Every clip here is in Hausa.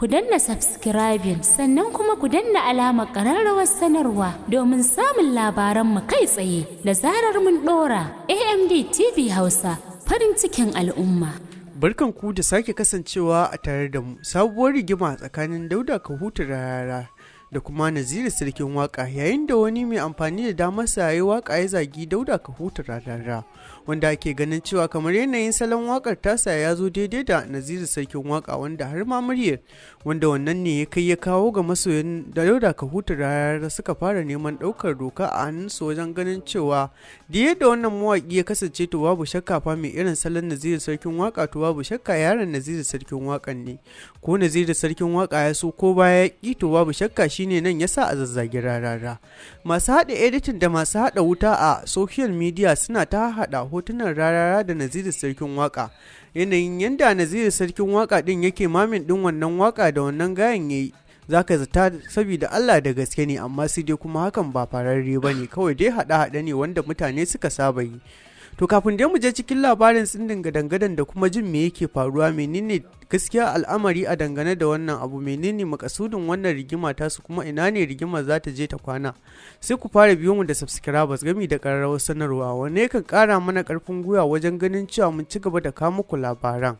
ku danna subscribing sannan kuma ku danna alamar ƙararrawar sanarwa domin samun labaranmu kai tsaye da zarar mun ɗora amd tv hausa farin cikin al'umma barkan ku da sake kasancewa a tare da mu sabuwar rigima tsakanin dauda da yara. da kuma naziri sarkin waka yayin da wani mai amfani da damar saye waka ya zagi dauda ka huta rarara wanda ake ganin cewa kamar yanayin salon wakar tasa ya zo daidai da naziri sarkin waka wanda har ma muryar wanda wannan ne ya kai ya kawo ga masoyan da dauda ka huta rarara suka fara neman daukar doka a hannunsu wajen ganin cewa da yadda wannan mawaki ya kasance to babu shakka fa mai irin salon naziri sarkin waka to babu shakka yaron naziri sarkin wakan ne ko naziri sarkin waka ya so ko baya ya ki to babu shakka shi shine nan ya sa a zazzage rarara masu haɗa editin da masu haɗa wuta a social media suna ta haɗa hotunan rarara da naziru sarkin waka yanayin yanda naziru sarkin waka ɗin yake mamin ɗin wannan waka da wannan gayan yayi zaka zata saboda Allah da gaske ne amma sai dai kuma hakan ba fararre ba ne kawai dai haɗa haɗa ne wanda mutane suka saba yi to kafin dai mu je cikin labarin tsindin gadangadan da kuma jin me yake faruwa menene gaskiya al'amari a dangane da wannan abu menene makasudin wannan rigima ta su kuma ina ne rigima za ta je ta kwana sai ku fara biyo mu da subscribers gami da kararrawar sanarwa wanne kan kara mana karfin gwiwa wajen ganin cewa mun ci gaba da kawo muku labaran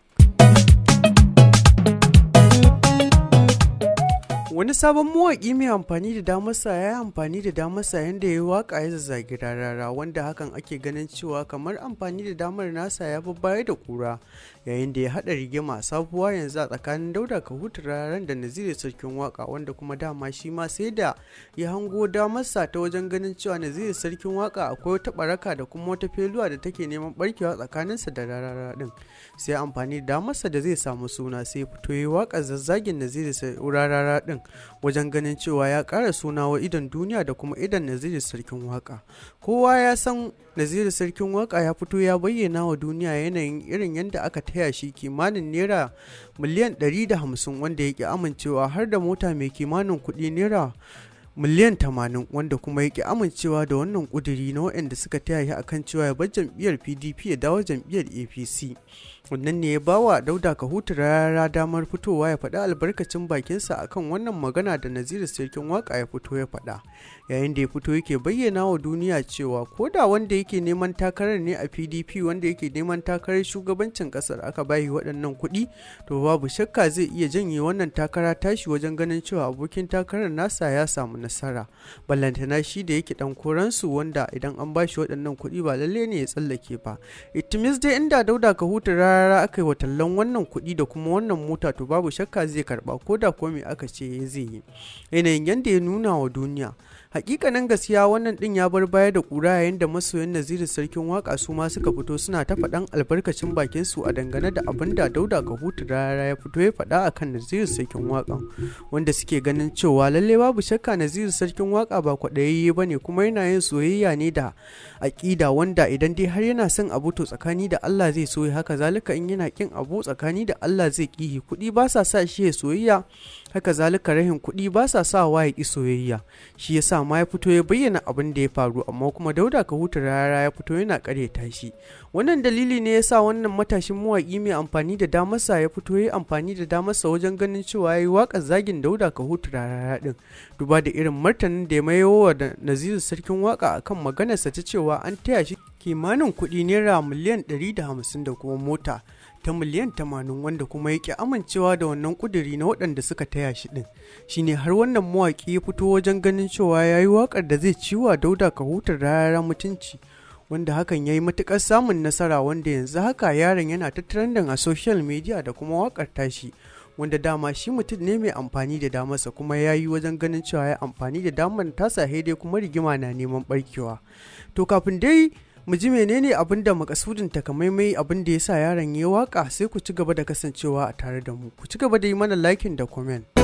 wani sabon mawaƙi mai amfani da damarsa ya yi amfani da damarsa yadda ya yi waƙa ya zazzagi rarara wanda hakan ake ganin cewa kamar amfani da damar nasa ya babbaya da kura yayin da ya haɗa rigima sabuwa yanzu a tsakanin dauda ka hutu ranar da naziri sarkin waka wanda kuma dama shi ma sai da ya hango damarsa ta wajen ganin cewa naziri sarkin waka akwai wata baraka da kuma wata feluwa da take neman barkewa tsakaninsa da rarara din sai amfani da damarsa da zai samu suna sai fito yi waka zazzagin naziri rarara din wajen ganin cewa ya ƙara suna wa idon duniya da kuma idon naziri sarkin waka kowa ya san naziru sarkin waka ya fito ya bayyana wa duniya yanayin irin yadda aka taya shi kimanin naira miliyan 150 wanda ya ki amincewa har da mota mai kimanin kudi naira miliyan 80 wanda kuma yake amincewa da wannan kuduri na waɗanda suka taya shi akan cewa ya bar jam'iyyar pdp ya dawo jam'iyyar apc wannan ne ya bawa dauda ka huta rara damar fitowa ya faɗa albarkacin bakinsa akan wannan magana da naziru sarkin waka ya fito ya faɗa yayin da ya fito yake bayyana wa duniya cewa ko da wanda yake neman takarar ne a pdp wanda yake neman takarar shugabancin kasar aka bayi waɗannan kuɗi to babu shakka zai iya janye wannan takara tashi wajen ganin cewa abokin takarar nasa ya samu nasara ballantana shi da yake dan koransu wanda idan an bashi waɗannan kuɗi ba lalle ne ya tsallake ba it dai inda dauda kahutu rara ƙarara aka yi wa tallan wannan kuɗi da kuma wannan mota to babu shakka zai karɓa ko da komai aka ce zai yi yanayin yadda ya nuna wa duniya hakikanin gaskiya wannan din ya bar baya da kura yayin da masoyan naziru sarkin waka su ma suka fito suna ta faɗan albarkacin bakin su a dangane da abin da dauda ga hutu rara ya fito ya faɗa akan naziri sarkin waka wanda suke ganin cewa lalle babu shakka naziru sarkin waka ba kwaɗayayye ba ne kuma yana yin soyayya ne da aƙida wanda idan dai har yana son abu to tsakani da allah zai so haka zalika haka in yana kin abu tsakani da Allah zai kihi kuɗi ba sa sa shi ya soyayya haka zalika rahin kuɗi ba sa sa wa ya ki soyayya shi yasa ma ya fito ya bayyana abin da ya faru amma kuma dauda ka huta rara ya fito yana ta shi wannan dalili ne ya sa wannan matashin mawaƙi mai amfani da damarsa ya fito ya amfani da damarsa wajen ganin cewa ya yi waƙar zagin dauda ka huta rara din duba da irin martanin da ya mayo wa naziru sarkin waƙa akan maganarsa ta cewa an taya shi kimanin kuɗi naira miliyan 150 da kuma mota ta miliyan 80 wanda kuma yake amincewa da wannan kuduri na waɗanda suka taya shi ɗin shine har wannan mawaƙi ya fito wajen ganin cewa ya yi waƙar da zai ciwa dauda ka hutar rayara mutunci wanda hakan ya yi matuƙar samun nasara wanda yanzu haka yaron yana ta trending a social media da kuma waƙar tashi wanda dama shi mutum ne mai amfani da damarsa kuma ya yi wajen ganin cewa ya amfani da damar tasa dai kuma rigima na neman barkewa to kafin dai mu ji menene abin da makasudin takamaimai abin da ya sa yaron ya waka sai ku ci gaba da kasancewa a tare da mu ku ci gaba da yi mana likin da comment